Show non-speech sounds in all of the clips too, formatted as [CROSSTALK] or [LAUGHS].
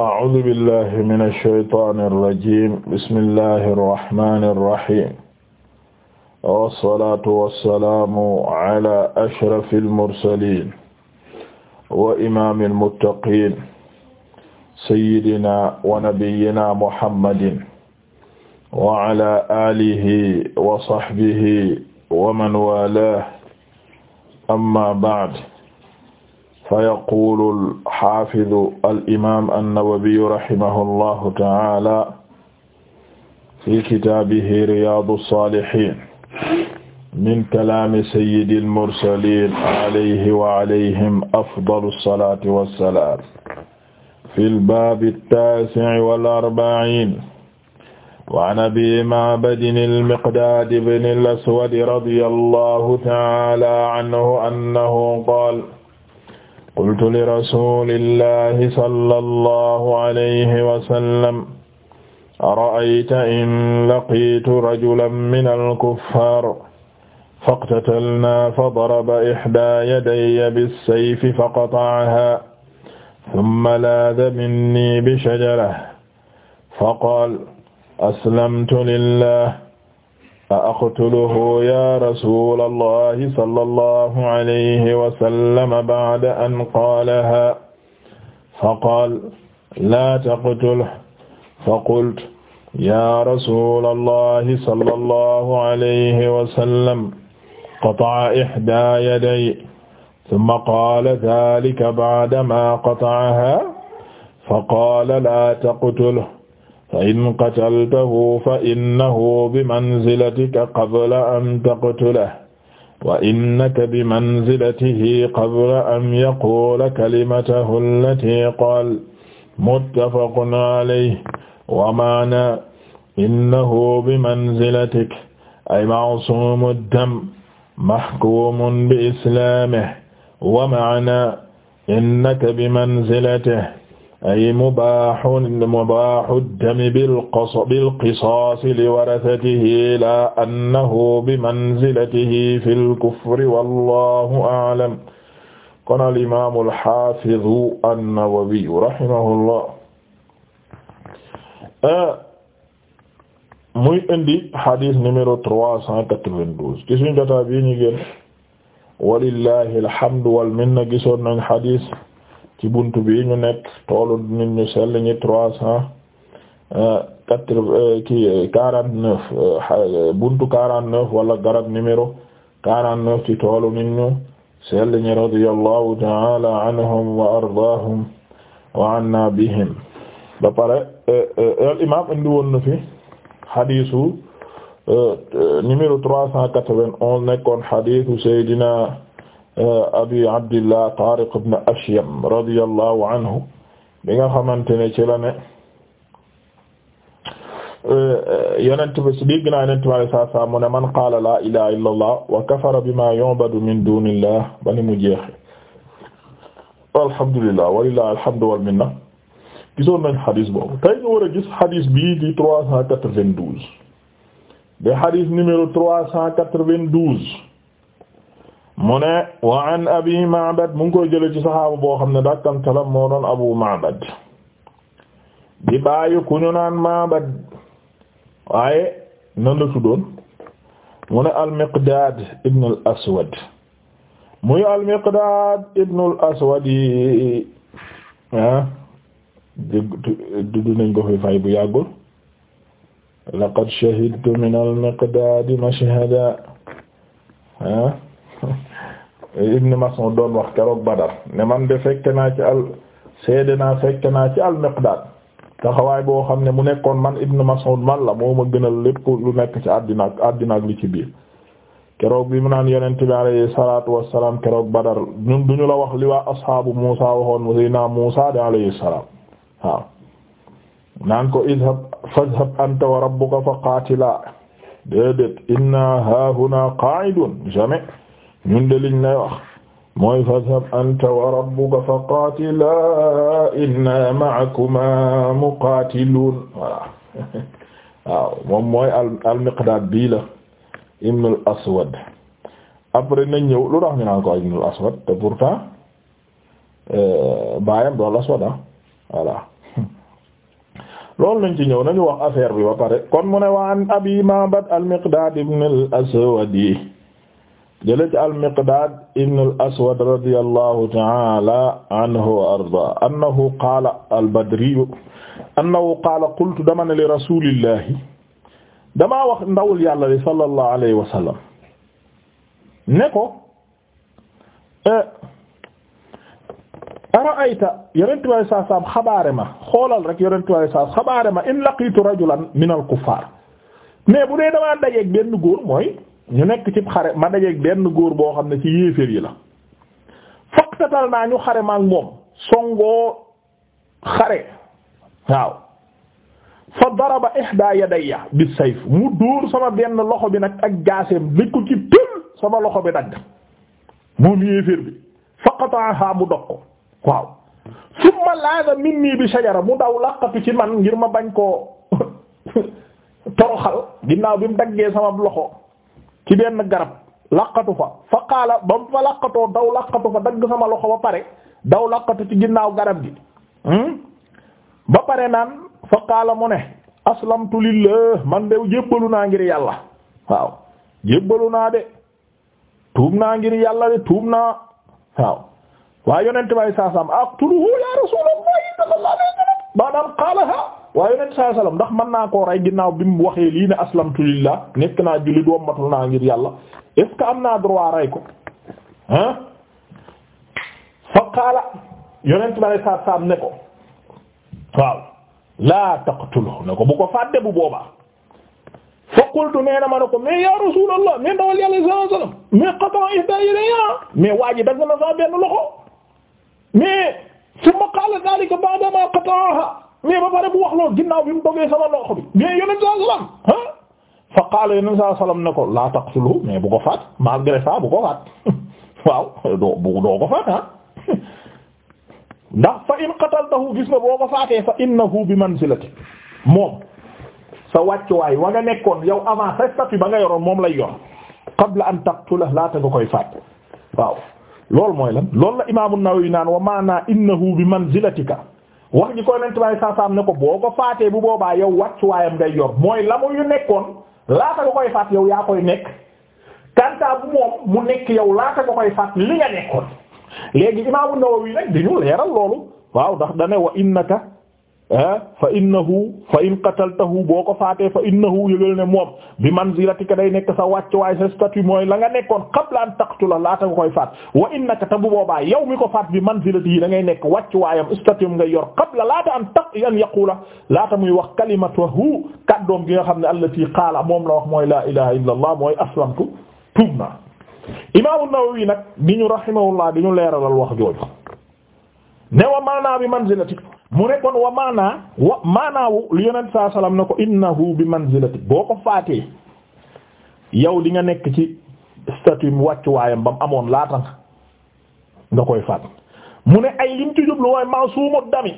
أعوذ بالله من الشيطان الرجيم بسم الله الرحمن الرحيم والصلاة والسلام على أشرف المرسلين وإمام المتقين سيدنا ونبينا محمد وعلى آله وصحبه ومن والاه أما بعد fayaqulu alxafidu alimam annawawiyu rahimahu allahu taala fi kitaabihi riyadu alsalihin min kalaami sayyidi almursalin alayhi wa alayhim afdalu alsalati wassalam fi lbaabi attaasi'i wal arba'iin wa an abi ma'badin almiqdaadi bni alaswadi radiyallahu taala anhu annahu qaala qultu li rasulillahi sallallahu alayhi wa sallam ara'ayta in laqiitu rajulan minal kuffaar faqtatalnaa fadaraba ihdaa yadayya bissayfi faqata'ahaa summa laada minnii bishajaratin faqaala aslamtu lillaah fa aqtuluhu ya rasula allahi sallallahu alayhi wa sallam ba'da an qaalaha fa qaala laa taqtulhu fa qultu ya rasula allahi sallallahu alayhi wa sallam qata'a ihdaa yadayhi thumma qaala dhaalika ba'damaa qata'ahaa fa qaala laa taqtulhu fa in qataltahu fa innahu bimanzilatika qabla an taqtulahu wa innaka bimanzilatihi qabla an yaquula kalimatahu allatii qaala muttafaqun alayhi wa maana innahu bimanzilatika ay ma'suumu dam mahkuumun bi islaamihi wa maana innaka bimanzilatihi ay mubaahun mubaahu dami bilqisaas liwarasatihi laa annahu bimanzilatihi fil kufri wallaahu a'lam kon al imaamu al-haafizu an-Nawawi rahimahullah muy indi hadith numéro trois cent quatre-vingt-douze ci suñu jotaay bi ñu génn walillahi alhamdu wal minna gisoon nañ hadith ci buntu bi ñu nekk toolu nit ñu sell ñi trois cent euh, quatre euh, ki quarante neuf euh, buntu quarante neuf wala garab numéro quarante neuf anna bihim ba pare al imam indi woon na fi hadisu numéro trois cent quatre vingt Seydina abi abdillah Tariq ibn Ashyam radiyallahu anhu bi nga xamante ne ci la ne yonent bi si dégg naa bi alayhi salaatu salaam mu ne man qaala laa ilaaha illallah wa kafara bimaa yu'badu min di trois quatre-vingt-douze de xadis numéro trois quatre-vingt-douze mu ne wa an mu ngi koy jële boo xam ne dakkantalam moo doon abu Ma'bad di bàyyi ku ñu naan Ma'bad waaye nan la tuddoon mu ne al-Miqdaad ibn al-Aswad muy al-Miqdaad ibn al-Aswad yi ah, nañ ko fay bu yàggul laqad shahidtu min al-Miqdaad mashhada ah [LAUGHS] Ibn Mas'ud doon wax keroog Badar ne man de fekk naa ci al seede naa fekk naa ci al Miqdaad taxawaay boo xam ne mu nekkoon man Ibn Mas'ud man la moo ma gënal lépp lu nekk ci àddina ak àddina li ci biir. keroog bi mu naan yonent bi alayhi salaatu wassalaam keroog Badar ñun duñu la wax li waa ashaabu Muusaa waxoon mu Seydina Muusaa de alayhi salaam waaw naan ko idhab fadhhab anta wa fa qaatilaa déedéet inna haahunaa qaa'idun jamais ñun de liñ lay mooy fadhab anta wa rabbuka fa qaatila inna ma'akuma muqaatiluun voilà [LAUGHS] waaw moom mooy al al-Miqdaad bii la ibn al-Aswad après nañ lu tax ñu naan ibn al-Aswad te pourtant euh, baayam doon al-Aswad ah voilà [LAUGHS] ci ñëw nañu wax affaire bi ba pare kon mu ne waan abi Ma'bad al-Miqdaad ibn al-Aswad jële ci al-Miqdaad ibn al-Aswad radiyallahu ta'ala anhu wa ardaa annahu qaala al-Badri annahu qaala qultu dama ne li rasuulillahi damaa wax ndawul yàlla li sallallahu alayhi wa sallam ne ko e, ara'ayta yorentuwaay saa saam xabaare ma xoolal rek yorentuwaay saa xabaare ma in laqiitu rajulan min al-kuffaar mais bu dee damaa dajeek benn góor mooy. ñu nekk ci xare ma dajeeg benn góor boo xam ne ci yéeféer yi la faqtatal naa ñu xare maak moom songoo xare waaw fa daraba ihda yadayya bi sayf mu dóor sama benn loxo bi nag ak jaaseem li ci tël sama loxo bi dagg moom yéeféer bi faqata'aha mu dog ko waaw summa laada minni bi shajara mu daw laqatu ci man ngir ma bañ koo [LAUGHS] toroxal ginnaaw bi mu daggee sama loxo ci benn garab laqatu fa fa qaala ba mu fa laqatoo daw laqatu fa dagg sama loxo ba pare daw laqatu ci ginnaaw garab gi hmm? ba pare naan fa qaala mu ne aslamtu man de jébbalu naa ngir yàlla waaw jébbalu naa de tuub naa ngir yàlla de tuub naa waaw waa yonent bay saasam aqtuluhu ya rasulullah sallallahu alayhi wa sallam ba daan qaalaha waaye yonent saa salaam ndax man naa koo rey ginnaaw bi mu waxee lii ne aslamtu lillah nekk naa jullit wommatul naa ngir yàlla est-ce am naa droit rey ko ah. fa qaala yonent salaam ne ko waaw laa taqtuluhu ne ko bu ko fàtte bu boobaa. fa qultu nee ma ne ko mais yaa rasuulallah mais ndawal yàlla sallallahu alayhi wasallam mais qata'a ihdaa yadayhi mais waa ji dagg na sa benn loxo mais summa qaala dhaalika ba'da maa qata'ahaa mais ba pare bu wax loolu ginnaaw bi mu dogee sama loxo bi mais yonent saa salaam ah, fa qaala yonent saa salaam ne ko laa taqtulu mais bu ko faat malgré ça bu ko [LAUGHS] waaw doo bu doo ko faat ah [LAUGHS] ndax fa in qataltahu gis nga ko faatee fa innahu bi manzilati moom sa wàccuwaay wa nga nekkoon yow avant sa statut ba nga yoroon moom lay yor qabla an taqtula laata nga koy faat waaw loolu mooy lan loolu la imaamu Nawawi naan wa maana innahu bi manzilatika wax ji koy nent waaye saasaam ne ko boo ko faatee bu boobaa yow wàccuwaayam ngay yor mooy la mu yu nekkoon laata nga koy faat yow yaa koy nekk kanta bu moom mu nekk yow laata nga koy faat li nga nekkoon léegi imaamu Nawawi nag di ñu leeral loolu waaw ndax dane wa innaka fa innahu fa in qataltahu boo ko faatee fa innahu yëgal ne moom bi manzilatika day nekk sa wàcc waaye sa statut mooy la nga nekkoon qabla an taqtula laata nga koy faat wa innaka ta bu boobaa yow mi ko faat bi manzilatihi da ngay nekk wàcc waayam statut nga yor qabla laata an taq an yaqula laata muy wax kalimatahu kaddoom gi nga xam ne allati qaala moom la wax mooy la ilaha illa allah mooy aslamtu tuub naa imaamu Nawawi nag di ñu rahimahullah di ñu leeralal wax jooju ne wa maanaa bi manzilatika mu ne kon wa maanaa wa maanaawu lu yonent saa salaam ne ko innahu bi manzilati boo ko faatee yow li nga nekk ci statut mu wàccu waayam ba mu amoon laata nga koy faat mu ne ay lim ci jublu mooy masuumu dami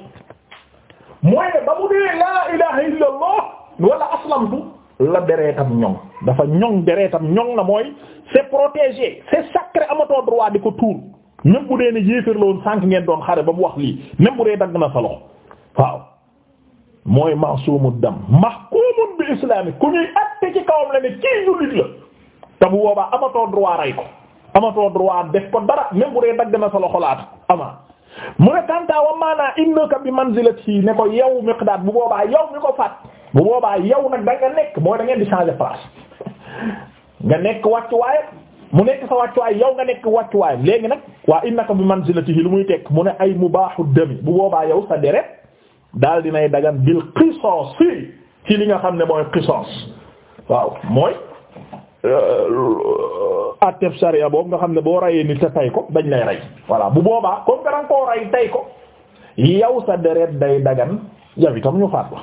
mooy ne ba mu dee laa ilaaha illallah wala aslamtu la deretam dafa ñoŋ deretam ñoŋ na mooy c'est protégé c'est sacré amatoo droit di ko tuur. même bu dee ne yéefar la woon ngeen doon xare ba mu wax lii même bu dee dagg na sa loxo waaw mooy masuumu dam mahkumun bi islami ku ñuy atte ci kawam la ne kii jullit la te bu boobaa amatoo droit rey ko amatoo droit def ko dara même bu dee dagg na sa loxo laata ama mu ne Kanta wa maanaa innaka bi manzilati ne ko yow Miqdaad bu boobaa yow mi ko faat bu boobaa yow nag da nekk mooy dangeen di changer place [LAUGHS] nga nekk wàccu waaye mu nekk sa wàccuwaay yow nga nekk wàccuwaay léegi nag waa innaka bi manzilatihi lu muy tekk mu ne ay mubaaxu dami bu boobaa yow sa deret daal dinay dagan bil qisaas ci li nga xam ne mooy qisaas waaw mooy euh, atteb sharia boobu nga xam ne boo rayee nit te tay ko dañ lay rey voilà bu boobaa comme nga koo rey tay ko yow sa deret day dagan yow itam ñu faat la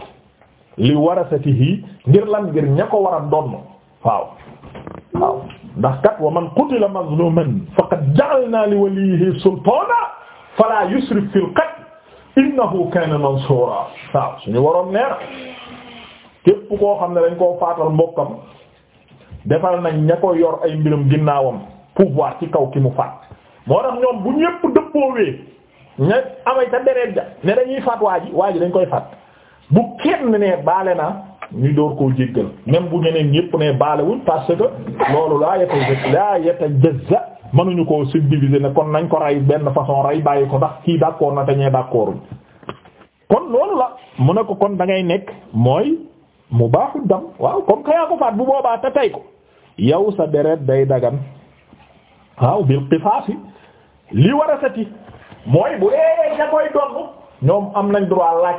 li warasatihi ngir lan ngir ña ko war a donn waaw waaw ndax kat wa man qutila mazluman faqad ja'alna li walihi sultana fala yusrif fil qatl innahu kana mansura waaw suñu waroon neera képp koo xam ne dañ koo faatal mbokkam defal nañ ña ko yor ay mbirum ginnaawam pouvoir ci kaw ki mu faat moo tax ñoom bu ñépp dëppoowee ña amay ta deret ja ne dañuy faat waa waaj waa dañ koy faat bu kenn ne baale na ñu door koo jéggal même bu ñeneen ñépp ne baalewul parce que loolu laa yeta laa yeta jëzza mënuñu koo subdiviser ne kon nañ ko rey benn façon rey bàyyi ko ndax kii d'accord na te ñee d'accorduñ kon loolu la mën ne ko kon dangay nekk mooy mu baaxul dam waaw comme kayaa ko faat bu boobaa te tey ko yow sa deret day dagan waaw bil qisaasi li war a sati mooy bu dee da koy donn ñoom am nañ droit laaj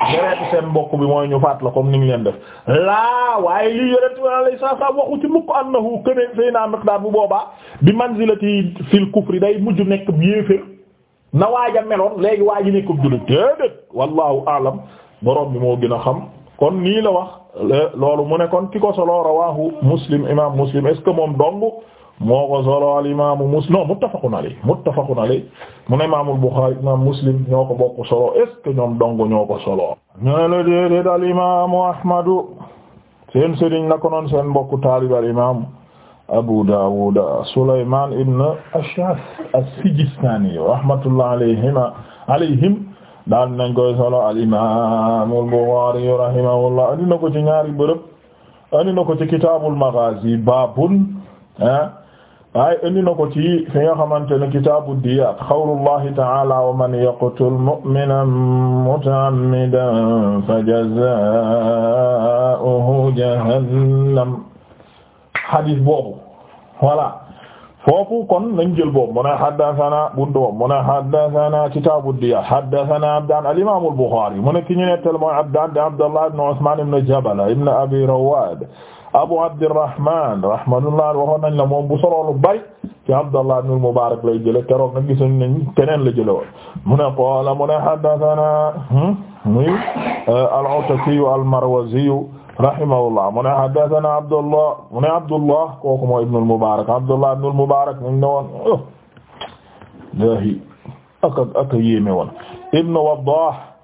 loolu seen mbokk bi mooy ñu faat la comme ni ñu leen def laa waaye lii yonent bi alayhi salaam waxu ci mukk annahu këne sëy naa Miqdaad bu boobaa bi manzilati fil kufri day mujj nekk yéeféer na waaj a meloon léegi waaj a nekk jullit déedéet wallahu alam borom bi moo gën a xam kon nii la wax loolu mu ne kon ki ko solo rawahu muslim imam muslim est moom dong moo ko solo al imaamu muslim non muttafaqun alayhi muttafaqun imaamul Buxaari imaam muslim ñoo ko bokk solo est ce ñoom dong ñoo ko solo. ñu ne la déedéet al imaamu Ahmadu seen sëriñ la ko noon seen mbokku taalib al imaam Abu Daawud Sulaymaan ibn Ash'ath as-Sijistaani rahmatullah alayhima alayhim daal nañ koy solo al imaamul Buxaari rahimahullah andi na ko ci ñaari bërëb andi na ko ci kitaabul Maghaazi baabun ah. waaye indi na ko ci fi nga xamante ne kitaabu diyaat qawlullahi ta'ala wa man yaqtul mu'minan muta'ammidan fajazaa'uhu jahannam hadis boobu voilà foofu kon nañ jël boobu mu ne haddathana buntu boobu mu ne haddathana kitaabu diyaat haddathana Abdaan al-imaam al-Bukhaari mu ne ki ñu nettal mooy Abdaan de Abdallah ibn Usmaan ibn Jabala ibn Abi Rawaad Abu Abdirrahman rahmatullah waxoon nañ la moom bu solo lu bari ci Abdallah ibn Mubarak lay jëlee keroog nag gis nañ keneen la jëlee woon mu ne qaala mu ne haddathana hmm, muy uh, al-Ataki al-Marwazi rahimahullah mu ne haddathana Abdullah mu ne Abdullah kooku mooy ibn al-Mubarak Abdullah ibn al-Mubarak mu ne woon oh. ak ak yéeme woon ibn Waddah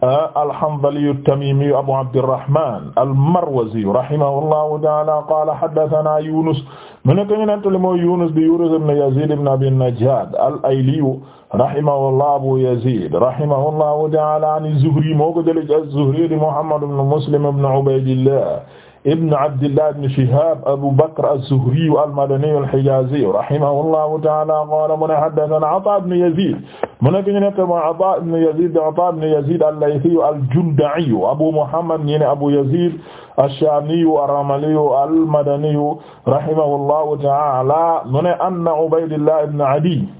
Ah, al-Hanzali at-Tamimi Abu Abdirrahman al-Marwazi rahimahullahu ta'ala qala haddathana Yunus mu nekk ñu nettali mooy Yunus di Yunus ibn Yazid ibn Abi Najjad al-Ayli rahimahullah Abu Yazid rahimahullahu ta'ala an az-Zuhri moo ko jëlee ci az-Zuhri di Muhammad ibn Muslim ibn Ubaydillah ibn abdillah ibn Shihab Abu Bakr az-Zuhri al-Madani al-Hijazi rahimahullahu ta'ala qala mu ne haddathana Ata ibn Yazid mu ne ki ñu nekk mooy Ata ibn Yazid Ata ibn Yazid al-Laythi al-Junda'i Abu Muhammad ñi ne Abu Yazid ash-Shami ar-Ramli al-Madani rahimahullahu ta'ala mu ne anna Ubaydillah ibn Adi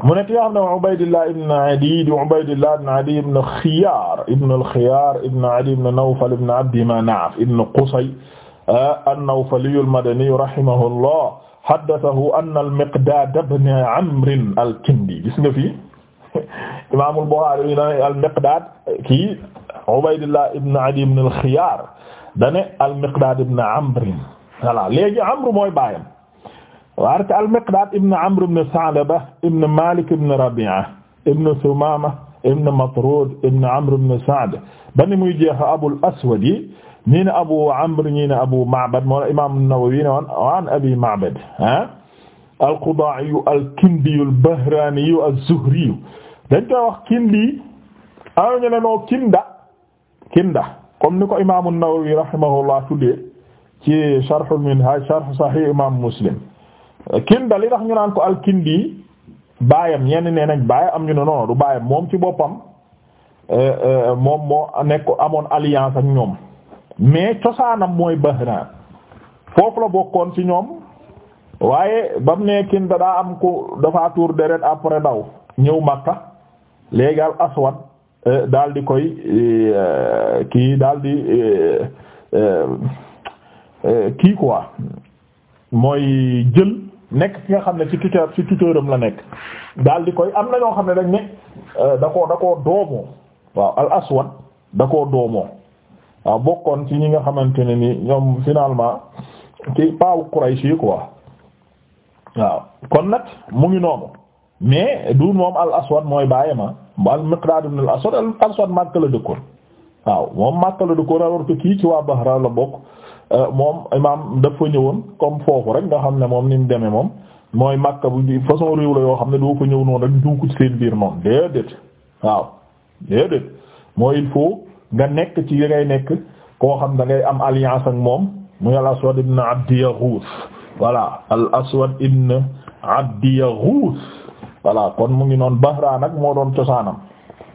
mu nekk yoo xam ne Ubaydillah ibn Adi di Ubaydillah ibn Adi ibn Xiyaar ibn al-Xiyaar ibn Adi ibn Nawfal ibn Abdi Manaaf ibn Qusay ah, an-Nawfali al-Madani rahimahullah haddathahu anna al-Miqdaad ibn Amr al-Kindi gis nga fi [LAUGHS] Imaamul Buxaari yi dane al-Miqdaad kii Ubaydillah ibn Adi ibn al-Xiyaar dane al-Miqdaad ibn Amr voilà léegi Amr mooy baayam waarta al-Miqdaad ibn Amr ibn Sa'laba ibn Malik ibn Rabi'a ibn Thumaama ibn Matrud ibn Amr ibn Sa'd ba ni muy jeex Abul Aswad yi ñii ne Abu Amr ñii ne Abu Ma'bad moo la Imaam an-Nawawi ne woon an Abi Ma'bad ah al-Qudaa'i al-Kindi al-Bahraani az-Zuhri dañ koy wax Kindi am ñu ne noo Kinda Kinda comme ni ko Imaam an-Nawawi rahimahullah tuddee ci Sharh al-Minhaaj sharh Sahih Imaam Muslim dal li tax ñu naan ko al-Kindi baayam ñenn nee nañ baay am ñu ne non du baayam moom ci boppam euh, euh, moom moo nekk amoon alliance ak ñoom mais cosaanam mooy Bahran foofu la bokkoon ci ñoom waaye bam mu ne Kinda daa am ko dafa tuur deret après daw ñëw Makka léegi al Aswad euh, daal di koy kii daal di kii quoi mooy jël. nekk ki nga xam ne ci tuteur ci tuteuram la nekk daal di koy am na ñoo xam ne dañ ne euh, da koo da koo doomoo waaw al aswad da ko doomoo waaw bokkoon ci ñi nga xamante ne ni ñoom finalement ci paawu Quraysh yi quoi waaw kon nag mu ngi noonu mais du moom al aswad mooy bàyyi ma ah. al Miqdaad ibn al aswad al aswad Makka dëkkoon. waaw moom Makka ko dëkkoon alors que kii ci waa Bahrain la bokk euh, moom imaam dafa ñëwoon comme foofu rek nga xam ne moom ni mu demee moom mooy Makka bu façon réew yoo xam ne doo fa ñëw noonu rek duuku ci biir moom déedéet waaw déedéet mooy il faut nga nekk ci li ngay nekk koo xam da ngay am alliance ak moom muy al Aswad ibn Abdi Yaghuth voilà al Aswad ibn Abdi Yaghuth voilà kon mu ngi noonu Bahrain nag moo doon cosaanam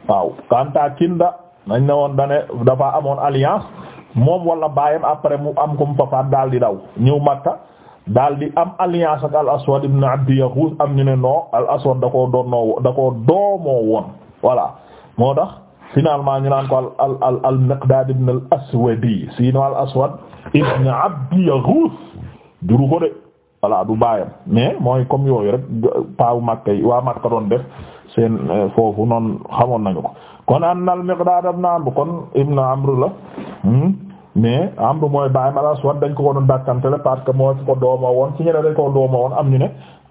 waaw Kanta Kinda. nañ ne woon dane dafa amoon alliance moom wala baayam après mu am ko mu fafaat daal di daw ñëw Makka daal di am alliance ak al aswad ibn abdi yaxuus am ñu ne non al aswad da koo doonnoo da koo woon voilà moo tax finalement ñu naan ko al al al al miqdad ibn al aswadi sinon al aswad ibn abdi yaxuus juru ko de voilà du baayam mais mooy comme yooyu rek paawu Makka yi waa Makka doon def seen euh, foofu noonu xamoon nañu ko kon anna al-Miqdaad ibn Amr kon ibn Amr la hmm, mais Amr mooy baay ma al dañ ko ko doon dàkkantele parce que moo ci ko dooma woon ci ñeneen dañ ko dooma woon am ñu ne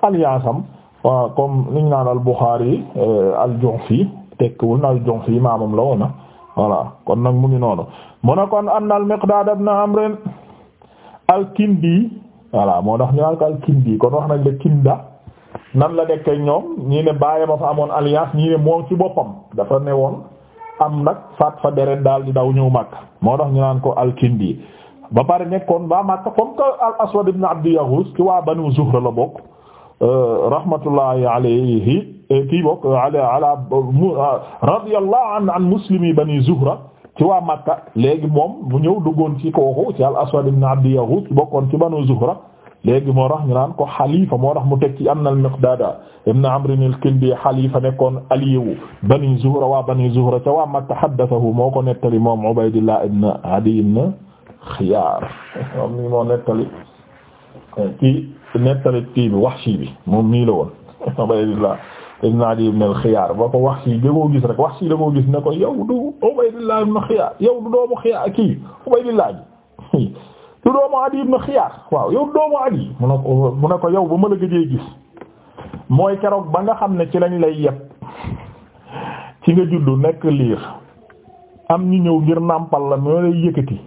alliance am comme li naan al-Bukhari euh, tekkiwul na al-Ju'fi la woona voilà kon nag mu ngi noonu mu ne kon anna al-Miqdaad ibn Amr al-Kindi voilà moo tax ñu naan kon wax nañ la Kinda nan la nekk ñoom ñii ne bàyyam a fa amoon alliance ñii ne moom ci boppam dafa ne woon am nag faat fa deret daal di daw ñëw Makka moo tax ñu naan ko al-Kindi ba pare nekkoon ba Makka comme que al-Aswad ibn Abdi Yaghus ci waa Banu Zuhra la bokk euh, rahmatullahi alayhi kii bokk ala ala euh, radiyallahu Bani Zuhra ci waa Makka léegi moom bu ñëw duggoon ci kooku ci al-Aswad ibn Abdi Yaghus bokkoon ci Banu Zuhra léegi moo tax ñu naan ko xalifa moo tax mu teg ci am na al-Miqdaada ibn Amr al-Kindi xalifa nekkoon aliyewu bani Zuhra waa bani Zuhra ca waa Makka haddathahu moo ko nettali moom Ubaydillah ibn Adiy ibn Xiyaar moom mii moo nettali ci nettali kii bi Wahshi bi moom mii la woon Ubaydillah ibn Adiy ibn al-Xiyaar ba ko Wahshi da koo gis rek Wahshi da koo gis ne ko yow du Ubaydillah ibn Xiyaar yow du doomu Xiyaar kii Ubaydillah du doomu Adi ibn waaw yow doomu mu ne ko mu ne ko yow ba ma la gëjee gis mooy keroog ba nga xam ne ci lañ lay yeb ci nga juddu nekk liir am ñu ñëw ngir nàmpal la ñoo lay yëkkati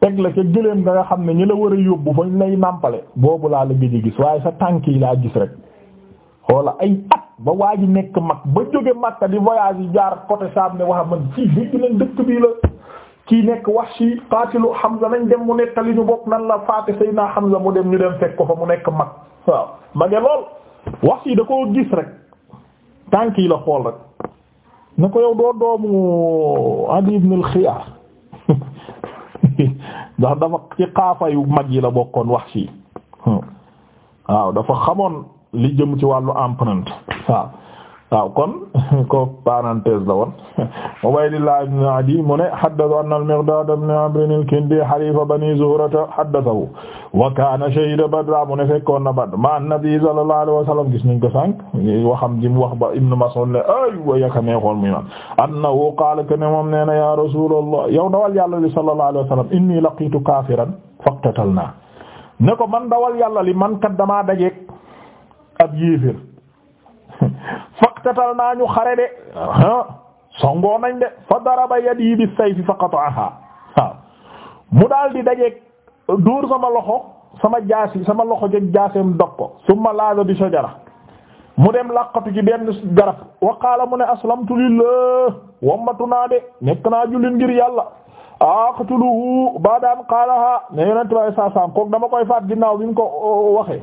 teg la ca gëléem nga nga xam ne ñi la war a yóbbu fañ lay nàmpale boobu laa la gëj gis waaye sa tànk yi laa gis rek xoola ay at ba waa nekk mag ba jóge Makka di voyage yi jaar côté Saam ne wax man fii dégg nañ dëkk bii la kii nekk Wahshi qaatilu Hamza nañ dem mu nettali ñu bokk nan la faate Seydina Hamza mu dem ñu dem fekk ko fa mu nekk mag waaw mage lool Wahshi da ko gis rek tànk yi la xool rek na ko yow doo doomu Adi ibn al [LAUGHS] dafa ci xaafayu mag yi la bokkoon Wahshi hmm. waaw dafa xamoon li jëm ci wàllu empreinte waaw waaw kon [LAUGHS] ko parenthèse la woon [LAUGHS] Ubaydillah ibn Adi mu ne haddatha anna al-Miqdad ibn Amr al-Kindi halifa bani Zuhrata haddathahu wa kana shahida Badra mu ne fekkoon na Badr ma an-nabi sallallahu alayhi wa sallam gis nañ ko sànq waxam ji mu wax ba Ibn Mas'ud ne ay wa yakamee xool muy naan annahu qaala que ne moom nee na ya Rasulullah yow dawal yàlla li sallallahu alayhi wa sallam inni laqitu kafiran faqtatalna ne ko man dawal yàlla li man kat damaa dajeek ab yéeféer faqtatal naa ñu xare de songoo nañ de fa daraba yadi bi sayfi fa qata'aha mu daal di dajeeg dóor sama loxo sama jaasi sama loxo jeg jaaseem dog ko summa laaza bi shajara mu dem laqatu ci benn garab wa qaala mu ne aslamtu lillah wammatu naa de nekk naa jullit ngir yàlla aqtuluhu ba'da an qaalaha ne yonent ma lay saa saam kook ginnaaw bi mu ko uh, waxee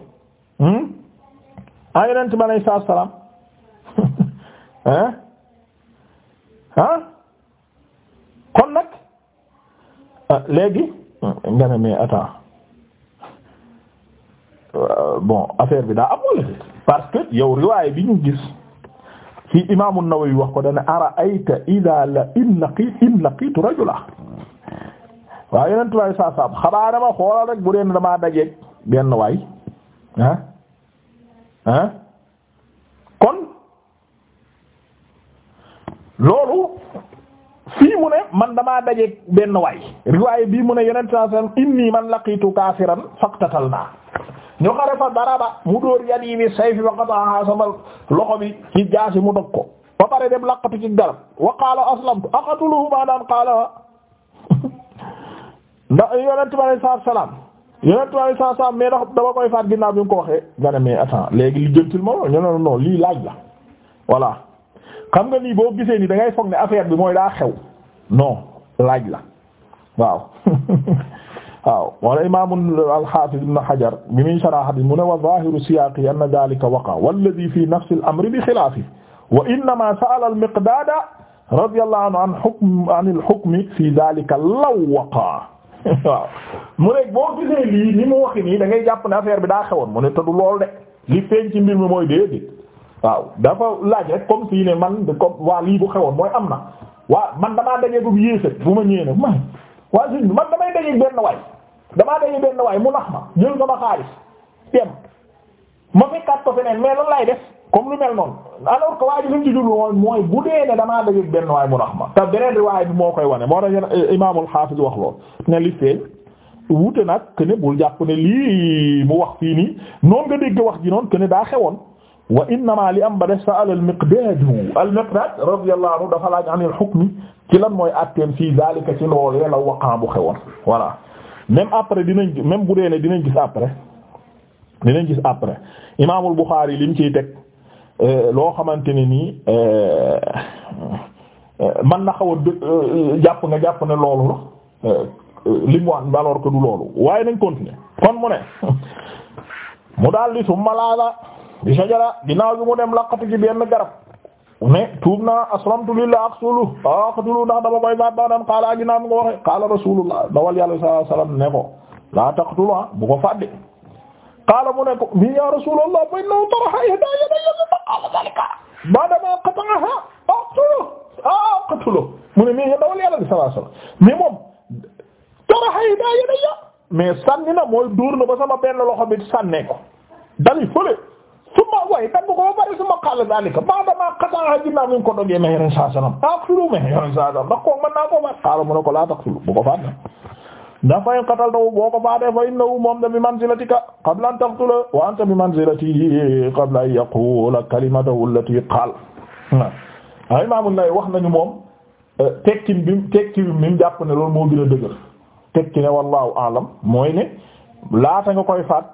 ah yonent ah [LAUGHS] ah kon nag ah, léegi ah, nga ne mais attends euh, bon affaire bi daa am wala parce que yow riwaay bi gis ci imaam na nawawi wax ko dana ara'ayta idha la in laqi in laqitu rajula waaw yeneen tubaab yi saa saam xabaar dama rek bu dee damaa dajeeg benn waay ah ah kon. loolu fii mu ne man damaa dajeeg benn waay riwaay bii mu ne yeneen saa seen inni man laqiitu kaafiran faqtatal naa ñu xare fa daraba mu dóor yal yi loxo bi ci mu dog ko ba pare dem laqatu ci garab wa qaala aslamtu aqatuluhu ma daan qaala [LAUGHS] ndax yonent bi alayhi salaatu salaam yonent bi alayhi salaam mais dama koy faat ginnaaw bi mu ko waxee nga ne mais attends léegi li jëntil ma ñu ne non lii laaj la voilà. xam nga nii boo gisee ni da ngay foog ne affaire bi mooy daa xew non laaj la waaw [LAUGHS] waaw wala imam al-hafiz ibn hajar bi muy sharah hadith mu ne wa zahiru siyaqi anna dhalika waqa walladhi fi nafsi al-amri bi khilafi wa innama sa'ala al-miqdada radiyallahu anhu an hukm an al-hukm fi dhalika law waqa [LAUGHS] waaw mu ne boo gisee lii ni mu waxi nii da ngay jàpp ne affaire bi daa xewoon mu ne te du lool de li feeñ ci mbir mi mooy déedéet waaw dafa laaj rek comme si ne man comme waa lii bu xewoon mooy am na waa man damaa daje bu yéese bu ma ñëwee nag man waa si man damay daje benn waay damaa daje benn waay mu nax ma jël ma fekkaat ko feneen mais loolu laay comme lu mel noonu alors que waa ji liñ ci woon mooy bu dee ne damaa daje waay mu te beneen riwaay bi moo koy wane moo tax yéen imaamul xaafis wax lool ne li feeñ wuute nag que ne bul jàpp ne lii mu wax fii nii noonu nga dégg wax ji noon que daa xewoon. wa innama li am ba def sa al-Miqdaad al-Miqdaad radiyallahu anhu dafa laaj an al-hukm ci lan mooy àtteem fii zaalika ci loolee la waqan bu xewoon voilà même après dinañ même bu dee ne dinañ gis après dinañ gis après Imaamul Buxaari li mu ciy teg euh, loo xamante ne nii euh, euh, man na xaw a jàpp nga jàpp ne loolu la li wax alors que du loolu waaye nañ continuer kon mu ne [LAUGHS] mu daal di su malaada bi sajara ginnaaw bi mu dem laqatu ci benn garab ne tuub naa aslamtu lillah aqtulu aqtulu ndax dama koy faat baax daan a ginnaaw mu ko waxe xaala rasulullah dawal yàlla sallallahu ne ko la taqtulu ah, bu ko faat de mu ne ko bi ya rasulullah fa innahu taraxa ihdaa yadayhi mimma qaala zaalika ba'damaa qata'ahaa aqtulu mais moom taraxa na mooy dóor ba sama benn loxo bi sànnee ko dali fële su ma waaye kan bu ko ba pare su ma xaaral daanaka maa damaa ko dogee mais yeneen saa salaam ah filu mais yeneen saa naa koo faat xaaral mu ne ko laa tax filu bu ko faat ndax fay xatal taw boo ko faatee fa innahu moom da bi manzilatika qabla an taqtula wa anta bi manzilatihi qabla an yaqula kalimatahu allati wax nañu moom euh, tekki bi tekki bi mi jàpp ne loolu moo gën a dëgër tekki ne wallahu aalam mooy ne laata nga koy faat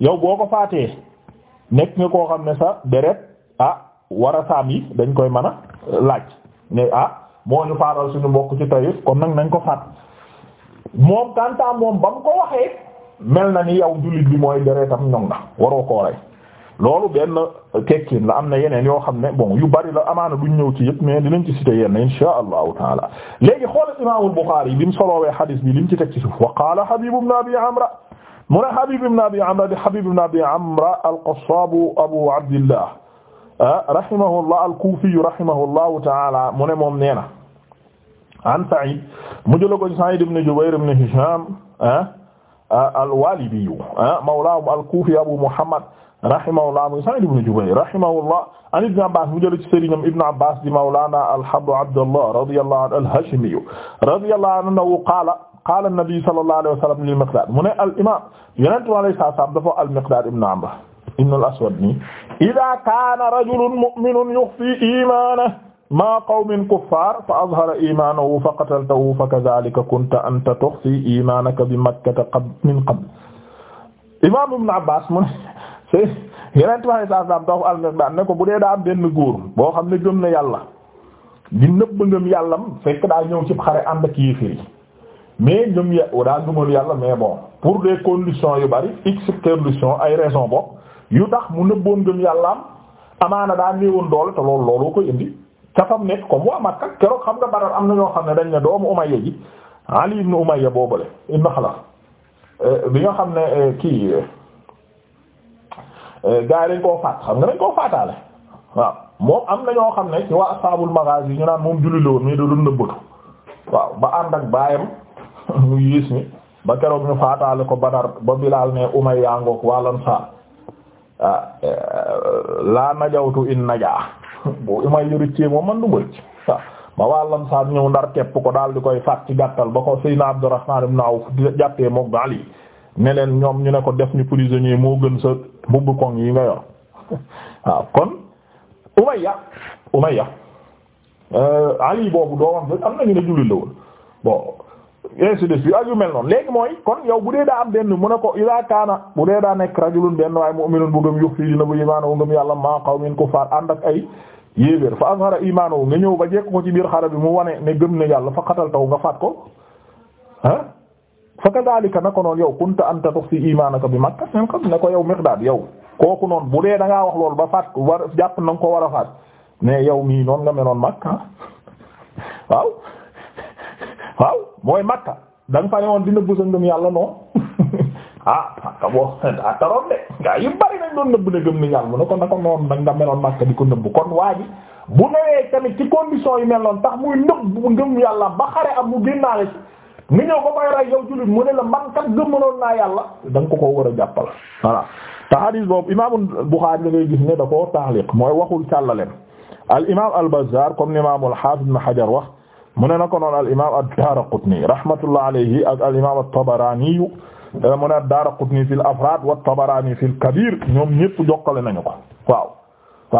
yow boo ko faatee. nekk nga koo xam ne sa deret ah warasaam yi dañ koy mën a euh, laaj ne ah moo ñu faaral suñu mbokk ci Taif kon nag nañ ko faat moom kantaa moom ba mu ko waxee mel na ni yow jullit bi mooy deretam ñoŋ na waroo koo rey loolu benn tekkiin la am na yeneen yoo xam ne bon yu bari la amaana duñ ñëw ci yëpp mais dinañ ci citer yenn insha allahu taala léegi xoolal imaamul Buxaari bi mu solowee xadiis bi li mu ci teg ci suuf wa qaala Habiib ibn Abi Amra mu ne Habib ibn Abi Amra di Habib ibn Abi Amra al-Qassab Abu Abdillah ah, rahimahullah al-Kufi rahimahullahu ta'ala mu ne moom nee na an Sa'id mu jëloon ko Sa'id ibn Jubayr ibn Hisham ah, ah, al-Walibi mawlahum al-Kufi Abu Muhammad rahimahullah mu Sa'id ibn Jubayr rahimahullah an Ibn Abbas mu jëloon ci sëriñam Ibn Abbas di mawlana al-Habr Abdullah radiyallahu anhu al-Hashimi radiyallahu anhu qala qaala nabi sallallahu alayhi wa sallam lil miqdaad mu ne al imaam yonent bi alayhi salaam dafa al miqdaad ibn amr ibn al aswad nii idaa kaana rajulun mu'minun yukhfi iimaanahu maa qawmin kuffaar fa azhara iimaanahu fa qataltahu fa kadhaalika kunta anta tukhfi iimaanaka bi makkata qabl min qabl imaam ibn abbaas mu ne yonent bi alayhi salaam dafa al miqdaad ne ko bu dee daa am benn góor boo xam ne gëm na yàlla di nëbb ngëm yàllam fekk daa ñëw ci xare ànd ak yéeféer yi mais ngëm ya daa ngëmal yàlla mais bon pour des conditions yu bari x conditions ay raison bopp yu tax mu nëbboon ngëm yàllaam amaana daa néewoon doole te loolu looloo koy indi ca fam nekk comme waa Makka keroog xam nga Badar am na ñoo xam ne dañ ne doomu Umayya ji Ali ibn Umayya boobale ibn Khalaf euh, bi nga xam ne euh, kii euh, gaa yi dañ koo faat xam nga dañ koo faataale waaw moom am na ñoo xam ne ci waa ashabul maghazi ñu naan moom julli la mu yiis mi ba keroog ñu faataale ko Badar ba Bilaal ne Umayya ngoog wàllan sa ah, eh, laa najawtu in najaa [LAUGHS] bu Umayya rëccee moom man du bërëc ba ah, wàllan ñëw ndar kepp ko daal di koy faat ci gàttal ba ko Seydina Abdurrahmaan ibn Awf jàppee mook Ali ne ñoom ñu ne ko def ñu prisonnier moo gën sa mbubb koŋ yi nga yor waaw [LAUGHS] ah, kon Umayya Umayya eh, Ali boobu doomam am nañu ne jullit la woon bon ainsi de suite ak yu mel noonu léegi mooy kon yow bu dee daa am benn mu ne ko ila kaana bu dee daa nekk rajulun benn waaye mu'minun bu gëm yux fii dina bu imaanawu ngëm yàlla maa qawmin kufaar ànd ak ay yéebéer fa azhara imaanawu nga ñëw ci biir xare bi mu wane ne gëm ne yàlla fa xatal taw nga faat ko ah fa kadhalika na ko noonu yow kunta anta tukhfi imaanaka bi Makka seen xam ne ko yow Miqdaad yow kooku noonu bu dee da wax loolu ba faat ko jàpp na nga ko war a faat mais yow mii noonu nga meloon Makka [LAUGHS] waaw mooy makka da nga fa ne woon dina bësa ngëm yàlla non [LAUGHS] ah makka boo daa taroon de ngaa yu bari nañ doon nëbb ne gëm yàlla mu ne ko na ko noonu meloon makka ko nëbb kon waa ji bu newee tamit ci condition yu yàlla ba xare am mu génnaale ci nga ñëw ba koy ray yow jullit mu ne la man kat gëmmaloon naa yàlla da ko ko war a jàppal voilà te hadis boobu imaamu Buxaari da gis ne da ko taxliq mooy waxul càllalem al imam al Bazzaar comme ni imaam al Haafiz Ibn Hajar wax mu ne na ko noon al imaam ad-Daaraqutni rahmatullah alayhi ak al imaam at-Tabarani mu ne ad-Daaraqutni fil afraad wa at-Tabarani fil kabiir ñoom ñépp jokkale nañu ko waaw.